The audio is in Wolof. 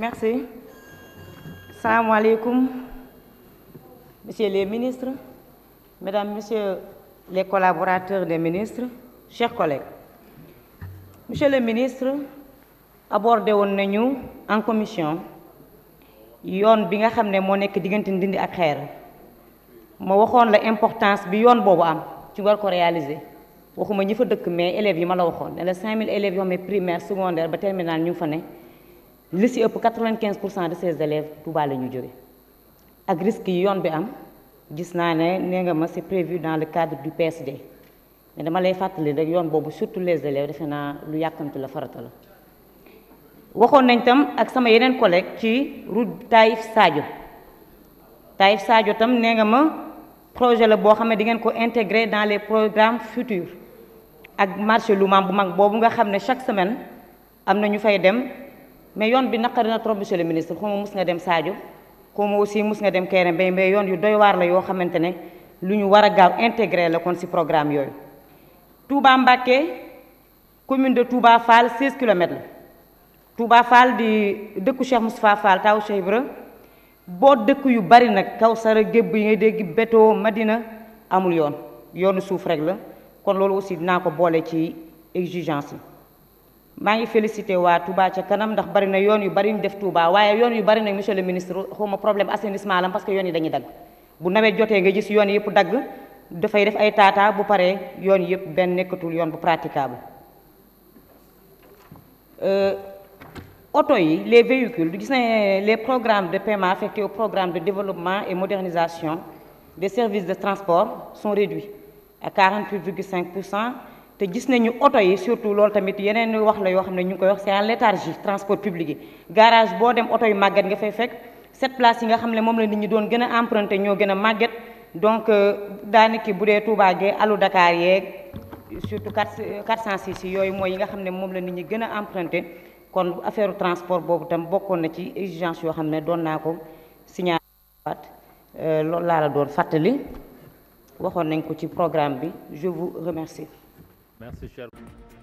Merci. Salam alaikum, Monsieur les ministres, mesdames, messieurs les collaborateurs des ministres, chers collègues. Monsieur le ministre, abordé woon nañu en commission yon bi nga xam ne moo nekk Ndindi ak xéer mo waxone la importance bi vous bobu am ci war ko réaliser waxuma ñi fa dëkk mais élèves yi mala waxone né la 5000 élèves yoo primaire secondaire ba terminale ñu fa li si ëpp 95 de ces élèves Touba la ñu jóge ak risque yi yoon bi am gis naa ne nee nga ma c'est prévu dans le cadre du PSD mais dama lay fàttali rek yoon boobu surtout les élèves defe naa lu yàkkamti la farata la waxoon nañ tam ak sama yeneen collègue ci route Taïf Sadio Taïf Sadio tam nee nga ma projet la boo xam ne di ngeen ko intégrer dans les programmes futurs ak marché lu maam bu mag boobu nga xam ne chaque semaine am na ñu fay dem mais yoon bi naqari na trop monsieur le ministre xaw ma mus nga dem Sadio xaw mus nga dem Kéré Mbaye mais yoon yu doy waar la yoo xamante ne lu ñu war a gaaw intégré la kon si programme yooyu. Touba Mbacké commune de Touba Fall 16 kilomètres la Touba Fall di dëkku Cheikh Moustapha Fall taw Cheikh Ibra boo dëkk yu bari nag Kawsara gébb yi ngay dégg Beto Madina amul yoon yoonu suuf rek la kon loolu aussi dinaa ko boole ci exigence yi. mangi félicité wa Touba ca kanam ndax bari na yoon yu bari ñu def Touba waye yoon yu bari nag monsieur le ministre xuma problème assainissement lam parce que yoon yi dañuy dag bu nawet joté nga gis yoon dag da fay def ay tata bu paré yoon yëpp ben nekatul yoon bu praticable auto euh, yi les véhicules gis nañ les programmes de paiement affectés au programme de développement et modernisation des services de transport sont réduits à 48,5 te gis nañu auto yi surtout lool tamit yeneen wax la yoo xam ne ñu ngi koy wax c'est en léthargie transport public yi garage boo dem auto yu màgget nga fay fekk cette place yi nga xam ne moom la nit ñi doon gën a emprunté ñoo gën a màgget donc euh, daaniki bu dee Touba gee alu Dakar yeeg surtout 4 406 euh, yi yooyu mooy yi nga xam ne moom la nit ñi gën a emprunté kon affaire transport boobu tam bokkoon na ci exigence yoo xam ne doon naa ko signalat waat euh, loolu laa la doon fàttali waxoon nañ ko ci programme bi je vous remercie me assistiram.